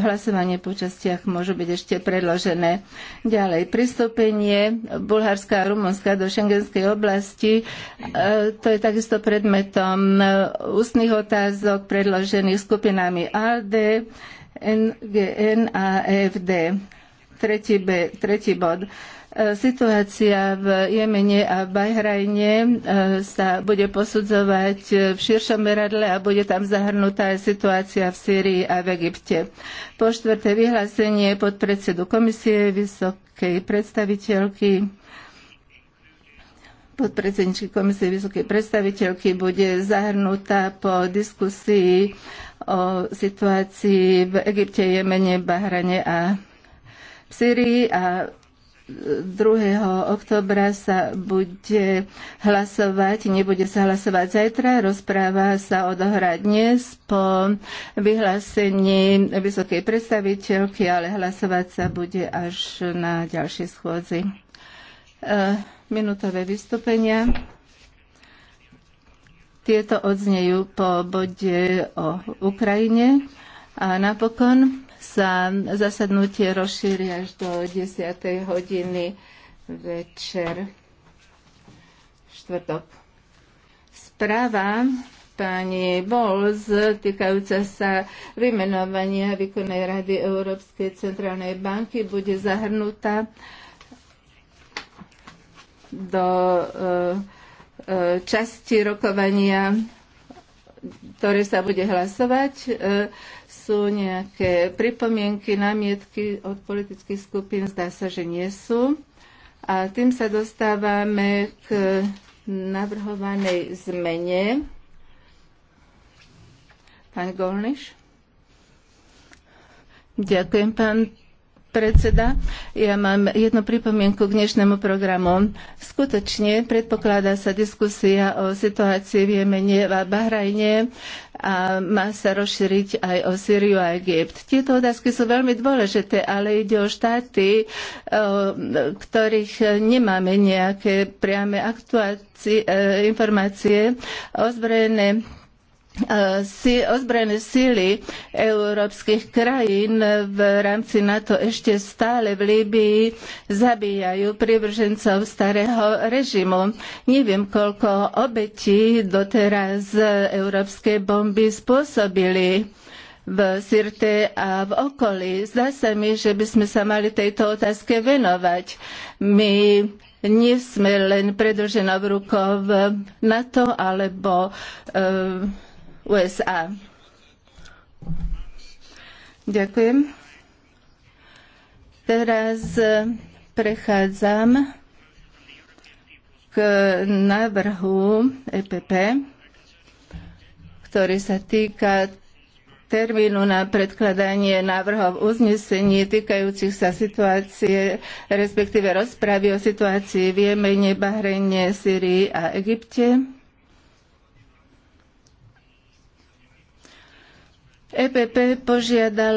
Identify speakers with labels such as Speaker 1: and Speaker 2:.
Speaker 1: hlasovanie po častiach môžu byť ešte predložené. Ďalej, pristúpenie Bulharska a Rumunska do šengenskej oblasti, e, to je takisto predmetom e, ústnych otázok predložených skupinami ALDE, NGN a EFD tretí, B, tretí bod. E, situácia v Jemene a v Bahrajne e, sa bude posudzovať v širšom meradle a bude tam zahrnutá aj situácia v Sýrii a v Egypte. Po štvrté vyhlásenie podpredsedu komisie vysokej predstaviteľky podpredsedničky komisie vysokej predstaviteľky bude zahrnutá po diskusii o situácii v Egypte, Jemene, Bahrane a v Syrii a 2. oktobra sa bude hlasovať, nebude sa hlasovať zajtra, rozpráva sa odohrá dnes po vyhlásení vysokej predstaviteľky, ale hlasovať sa bude až na ďalšej schôdzi. E, Minutové vystúpenia. Tieto odznejú po bode o Ukrajine. A napokon sa zasadnutie rozšíri až do 10. hodiny večer štvrtok. Správa pani Bowles týkajúca sa vymenovania výkonnej rady Európskej centrálnej banky bude zahrnutá do e, e, časti rokovania ktoré sa bude hlasovať. E, sú nejaké pripomienky, námietky od politických skupín? Zdá sa, že nie sú. A tým sa dostávame k navrhovanej zmene. Pán Golniš? Ďakujem, pán predseda. Ja mám jednu pripomienku k dnešnému programu. Skutočne predpokladá sa diskusia o situácii v Jemene a Bahrajne a má sa rozšíriť aj o Syriu a Egypt. Tieto otázky sú veľmi dôležité, ale ide o štáty, ktorých nemáme nejaké priame aktuácie, e, informácie. Ozbrojené Eh, ozbrojené síly európskych krajín v rámci NATO ešte stále v Líbii zabíjajú prívržencov starého režimu. Neviem, koľko obetí doteraz európske bomby spôsobili v Sirte a v okolí. Zdá sa mi, že by sme sa mali tejto otázke venovať. My nie sme len predlženou rukou NATO alebo e, USA. Ďakujem. Teraz eh, prechádzam k návrhu EPP, ktorý sa týka termínu na predkladanie návrhov uznesení týkajúcich sa situácie, respektíve rozpravy o situácii v Jemene, Bahrejne, Syrii a Egypte. EPP požiadala